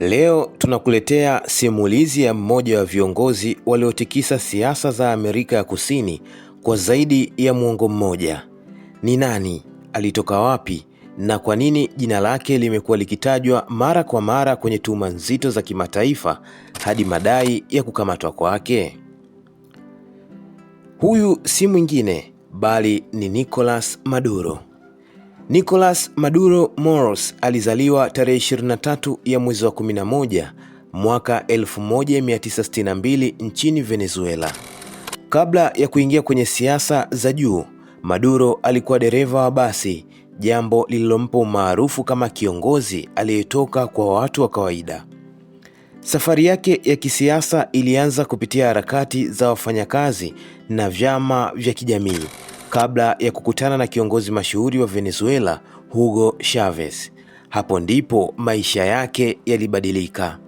Leo tunakuletea simulizi ya mmoja wa viongozi waliotikisa siasa za Amerika ya Kusini kwa zaidi ya muongo mmoja. Ni nani? Alitoka wapi? Na kwa nini jina lake limekuwa likitajwa mara kwa mara kwenye tuhuma nzito za kimataifa hadi madai ya kukamatwa kwake? Huyu si mwingine bali ni Nicolas Maduro. Nicolas Maduro Moros alizaliwa tarehe 23 ya mwezi wa 11 mwaka 1962 nchini Venezuela. Kabla ya kuingia kwenye siasa za juu, Maduro alikuwa dereva wa basi, jambo lililompa umaarufu kama kiongozi aliyetoka kwa watu wa kawaida. Safari yake ya kisiasa ilianza kupitia harakati za wafanyakazi na vyama vya kijamii kabla ya kukutana na kiongozi mashuhuri wa Venezuela Hugo Chavez. Hapo ndipo maisha yake yalibadilika.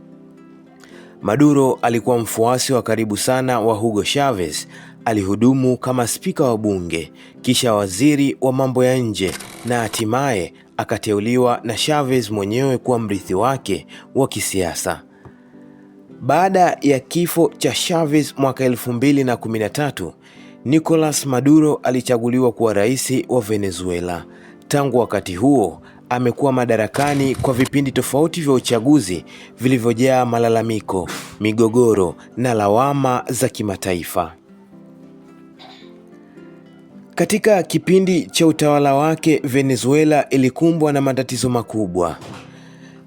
Maduro alikuwa mfuasi wa karibu sana wa Hugo Chavez. Alihudumu kama spika wa bunge, kisha waziri wa mambo ya nje na hatimaye akateuliwa na Chavez mwenyewe kuwa mrithi wake wa kisiasa. Baada ya kifo cha Chavez mwaka 2013, Nicolas Maduro alichaguliwa kuwa rais wa Venezuela. Tangu wakati huo amekuwa madarakani kwa vipindi tofauti vya uchaguzi vilivyojaa malalamiko, migogoro na lawama za kimataifa. Katika kipindi cha utawala wake, Venezuela ilikumbwa na matatizo makubwa.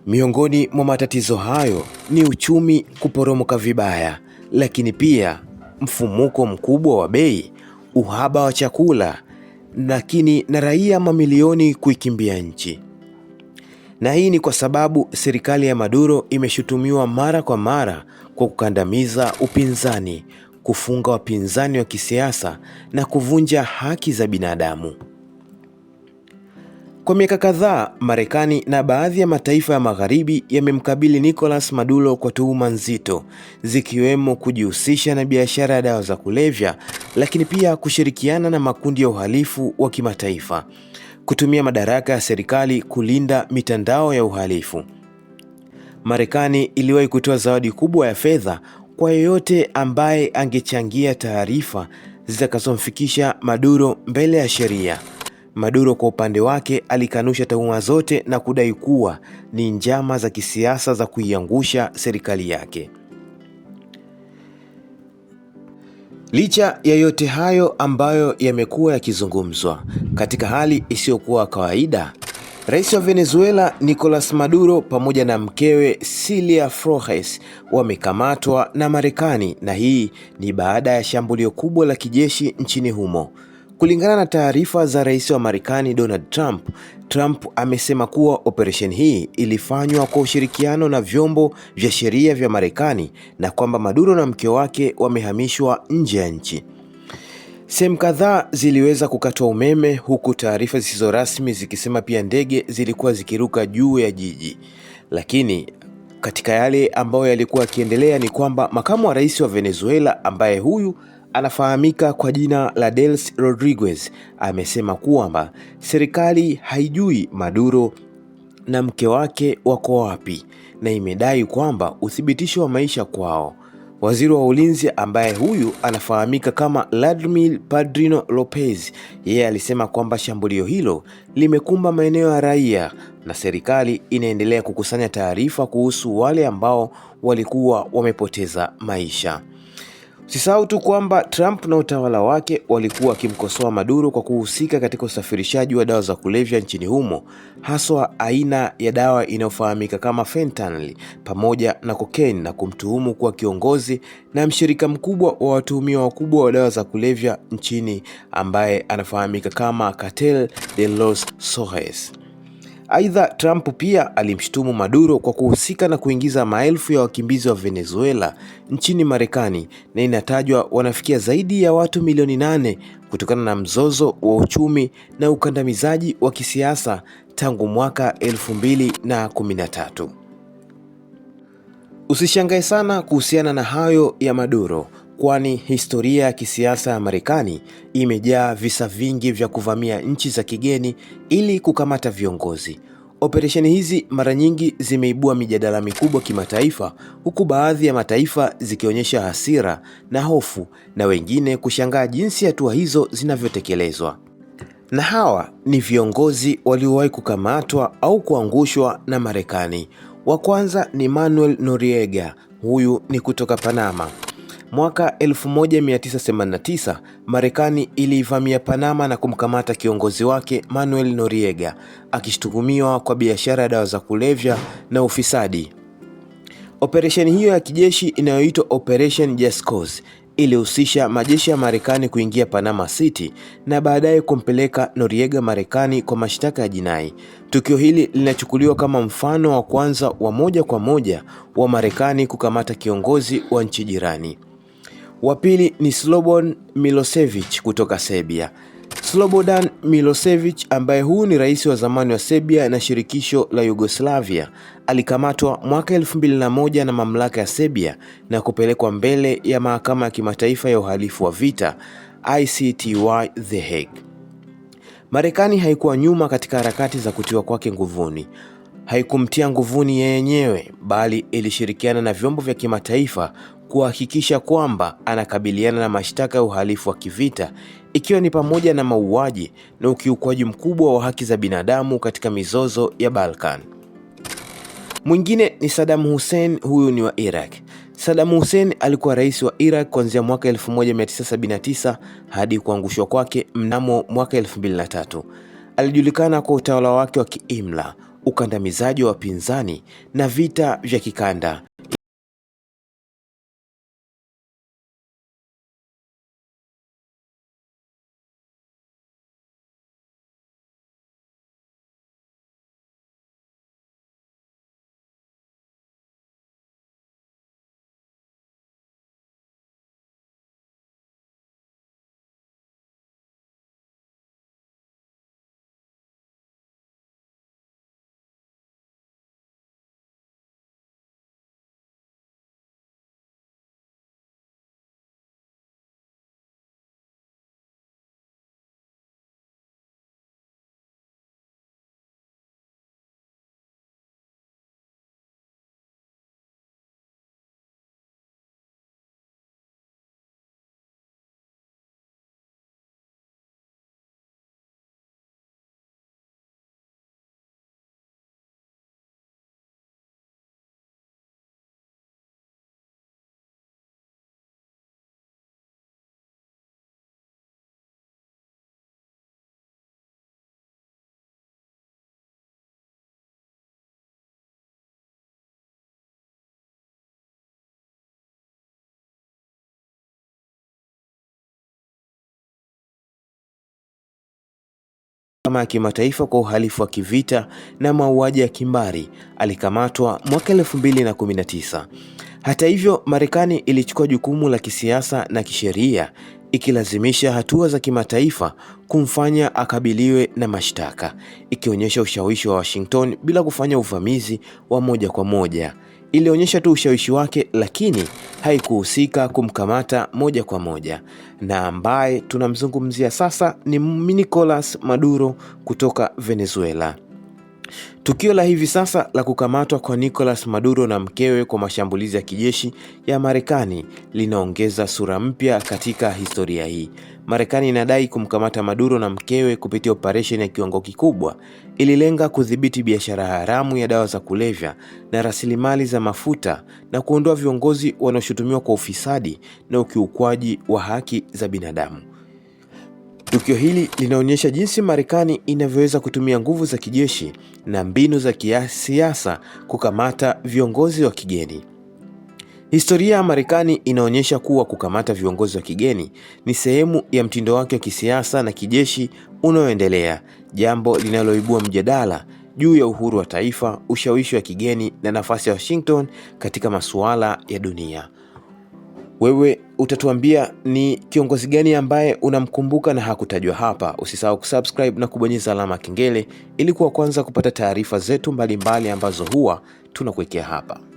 Miongoni mwa matatizo hayo ni uchumi kuporomoka vibaya, lakini pia mfumuko mkubwa wa bei, uhaba wa chakula, lakini na raia mamilioni kuikimbia nchi. Na hii ni kwa sababu serikali ya Maduro imeshutumiwa mara kwa mara kwa kukandamiza upinzani, kufunga wapinzani wa kisiasa na kuvunja haki za binadamu. Kwa miaka kadhaa, Marekani na baadhi ya mataifa ya Magharibi yamemkabili Nicolas Maduro kwa tuhuma nzito, zikiwemo kujihusisha na biashara ya dawa za kulevya, lakini pia kushirikiana na makundi ya uhalifu wa kimataifa, kutumia madaraka ya serikali kulinda mitandao ya uhalifu. Marekani iliwahi kutoa zawadi kubwa ya fedha kwa yeyote ambaye angechangia taarifa zitakazomfikisha Maduro mbele ya sheria. Maduro kwa upande wake alikanusha tuhuma zote na kudai kuwa ni njama za kisiasa za kuiangusha serikali yake. Licha ya yote hayo ambayo yamekuwa yakizungumzwa, katika hali isiyokuwa kawaida, Rais wa Venezuela Nicolas Maduro pamoja na mkewe Celia Flores wamekamatwa na Marekani na hii ni baada ya shambulio kubwa la kijeshi nchini humo. Kulingana na taarifa za rais wa Marekani Donald Trump, Trump amesema kuwa operesheni hii ilifanywa kwa ushirikiano na vyombo vya sheria vya Marekani na kwamba Maduro na mke wake wamehamishwa nje ya nchi. Sehemu kadhaa ziliweza kukatwa umeme huku taarifa zisizo rasmi zikisema pia ndege zilikuwa zikiruka juu ya jiji. Lakini katika yale ambayo yalikuwa yakiendelea ni kwamba makamu wa rais wa Venezuela ambaye huyu anafahamika kwa jina la Dels Rodriguez amesema kwamba serikali haijui Maduro na mke wake wako wapi na imedai kwamba uthibitisho wa maisha kwao. Waziri wa ulinzi ambaye huyu anafahamika kama Vladimir Padrino Lopez, yeye alisema kwamba shambulio hilo limekumba maeneo ya raia na serikali inaendelea kukusanya taarifa kuhusu wale ambao walikuwa wamepoteza maisha. Usisahau tu kwamba Trump na utawala wake walikuwa wakimkosoa Maduro kwa kuhusika katika usafirishaji wa dawa za kulevya nchini humo, haswa aina ya dawa inayofahamika kama fentanyl pamoja na cocaine, na kumtuhumu kuwa kiongozi na mshirika mkubwa wa watuhumiwa wakubwa wa dawa za kulevya nchini ambaye anafahamika kama Cartel de los sores Aidha, Trump pia alimshutumu Maduro kwa kuhusika na kuingiza maelfu ya wakimbizi wa Venezuela nchini Marekani na inatajwa wanafikia zaidi ya watu milioni nane kutokana na mzozo wa uchumi na ukandamizaji wa kisiasa tangu mwaka 2013. Usishangae sana kuhusiana na hayo ya Maduro kwani historia ya kisiasa ya Marekani imejaa visa vingi vya kuvamia nchi za kigeni ili kukamata viongozi. Operesheni hizi mara nyingi zimeibua mijadala mikubwa kimataifa, huku baadhi ya mataifa zikionyesha hasira na hofu na wengine kushangaa jinsi hatua hizo zinavyotekelezwa. Na hawa ni viongozi waliowahi kukamatwa au kuangushwa na Marekani. Wa kwanza ni Manuel Noriega, huyu ni kutoka Panama. Mwaka 1989 Marekani iliivamia Panama na kumkamata kiongozi wake Manuel Noriega akishtuhumiwa kwa biashara ya dawa za kulevya na ufisadi. Operesheni hiyo ya kijeshi inayoitwa Operation Just Cause ilihusisha majeshi ya Marekani kuingia Panama City na baadaye kumpeleka Noriega Marekani kwa mashtaka ya jinai. Tukio hili linachukuliwa kama mfano wa kwanza wa moja kwa moja wa Marekani kukamata kiongozi wa nchi jirani. Wa pili ni Slobodan Milosevic kutoka Serbia. Slobodan Milosevic ambaye huu ni rais wa zamani wa Serbia na shirikisho la Yugoslavia alikamatwa mwaka 2001 na mamlaka ya Serbia na kupelekwa mbele ya mahakama ya kimataifa ya uhalifu wa vita ICTY The Hague. Marekani haikuwa nyuma katika harakati za kutiwa kwake nguvuni. Haikumtia nguvuni yeye yenyewe bali ilishirikiana na vyombo vya kimataifa kuhakikisha kwamba anakabiliana na mashtaka ya uhalifu wa kivita ikiwa ni pamoja na mauaji na ukiukwaji mkubwa wa haki za binadamu katika mizozo ya Balkan. Mwingine ni Saddam Hussein, huyu ni wa Iraq. Saddam Hussein alikuwa rais wa Iraq kuanzia mwaka 1979 hadi kuangushwa kwake mnamo mwaka 2003. Alijulikana kwa utawala wake wa kiimla, ukandamizaji wa wapinzani na vita vya kikanda. Mahakama ya Kimataifa kwa Uhalifu wa Kivita na Mauaji ya Kimbari alikamatwa mwaka 2019. Hata hivyo, Marekani ilichukua jukumu la kisiasa na kisheria ikilazimisha hatua za kimataifa kumfanya akabiliwe na mashtaka, ikionyesha ushawishi wa Washington bila kufanya uvamizi wa moja kwa moja ilionyesha tu ushawishi wake, lakini haikuhusika kumkamata moja kwa moja. Na ambaye tunamzungumzia sasa ni Nicolas Maduro kutoka Venezuela. Tukio la hivi sasa la kukamatwa kwa Nicolas Maduro na mkewe kwa mashambulizi ya kijeshi ya Marekani linaongeza sura mpya katika historia hii. Marekani inadai kumkamata Maduro na mkewe kupitia operesheni ya kiwango kikubwa ililenga kudhibiti biashara haramu ya dawa za kulevya na rasilimali za mafuta na kuondoa viongozi wanaoshutumiwa kwa ufisadi na ukiukwaji wa haki za binadamu. Tukio hili linaonyesha jinsi Marekani inavyoweza kutumia nguvu za kijeshi na mbinu za kisiasa kukamata viongozi wa kigeni. Historia ya Marekani inaonyesha kuwa kukamata viongozi wa kigeni ni sehemu ya mtindo wake wa kisiasa na kijeshi unaoendelea, jambo linaloibua mjadala juu ya uhuru wa taifa, ushawishi wa kigeni na nafasi ya Washington katika masuala ya dunia. Wewe utatuambia ni kiongozi gani ambaye unamkumbuka na hakutajwa hapa? Usisahau kusubscribe na kubonyeza alama ya kengele ili kuwa kwanza kupata taarifa zetu mbalimbali mbali ambazo huwa tunakuwekea hapa.